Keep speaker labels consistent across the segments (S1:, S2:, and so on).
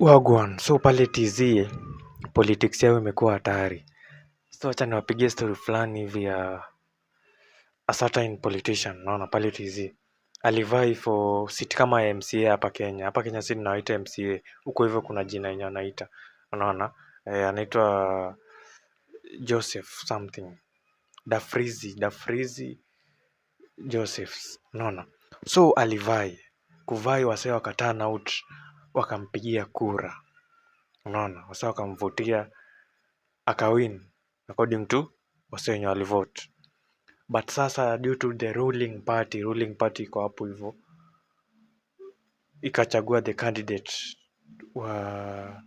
S1: Wagwan, so pale TZ politics yao imekuwa hatari. So acha niwapigie story fulani hivi ya a certain politician, naona pale TZ alivai for seat kama MCA hapa Kenya. Hapa Kenya si tunaita MCA, huko hivyo kuna jina yenye anaita, unaona eh, anaitwa Joseph something Dafrizi, Dafrizi Josephs, unaona. So alivai kuvai, wasee wakatana out wakampigia kura, unaona wasa, wakamvutia akawin according to wase wenye walivote, but sasa due to the ruling party, ruling party iko hapo hivyo, ikachagua the candidate wa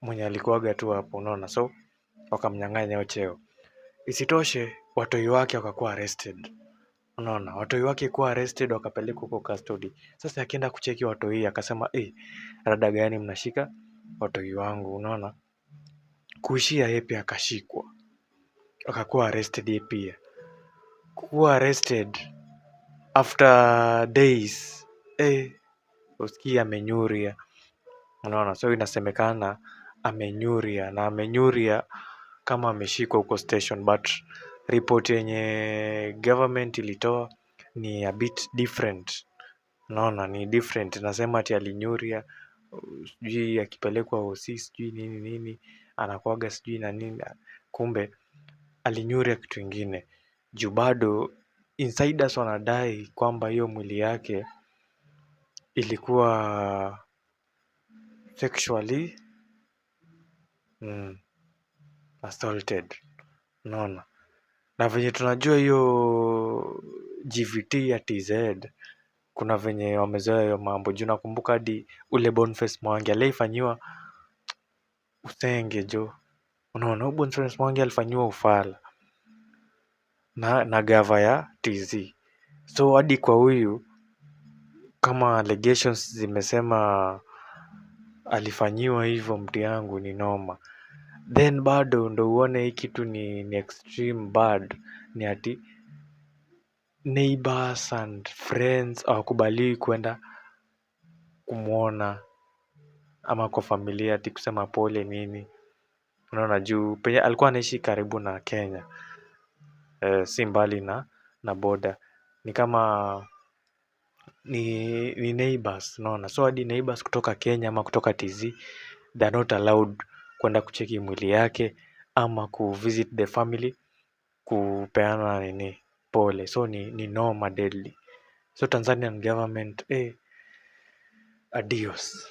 S1: mwenye alikuwaga tu hapo, unaona, so wakamnyang'anya hiyo cheo. Isitoshe watoi wake wakakuwa arrested. Unaona, watoi wake kuwa arrested wakapelekwa huko custody. Sasa akienda kucheki watoi akasema, eh, rada gani mnashika watoi wangu? Unaona, kuishia yeye pia akashikwa, akakuwa arrested yeye pia, kuwa arrested after days eh, usikii amenyuria. Unaona, so inasemekana amenyuria na amenyuria kama ameshikwa huko station but report yenye government ilitoa ni a bit different, naona ni different, nasema ati alinyuria sijui akipelekwa hosi sijui nini nini anakuaga sijui na nini, kumbe alinyuria kitu ingine juu bado insiders wanadai kwamba hiyo mwili yake ilikuwa sexually mm, assaulted naona na venye tunajua hiyo GVT ya TZ kuna venye wamezoea hiyo mambo juu nakumbuka hadi ule Boniface Mwangi aliyefanyiwa usenge jo, unaona u Boniface Mwangi alifanyiwa ufala na, na gava ya TZ. So hadi kwa huyu kama allegations zimesema alifanyiwa hivyo, mti yangu ni noma then bado ndo uone hii kitu ni, ni extreme bad ni ati neighbors and friends hawakubaliwi kwenda kumwona ama kwa familia ati kusema pole nini unaona juu penye alikuwa anaishi karibu na kenya e, si mbali na na boda ni kama ni, ni neighbors unaona so hadi neighbors kutoka kenya ama kutoka tz are not allowed kwenda kucheki mwili yake ama kuvisit the family kupeana nini pole so ni, ni noma deadly so tanzanian government eh, adios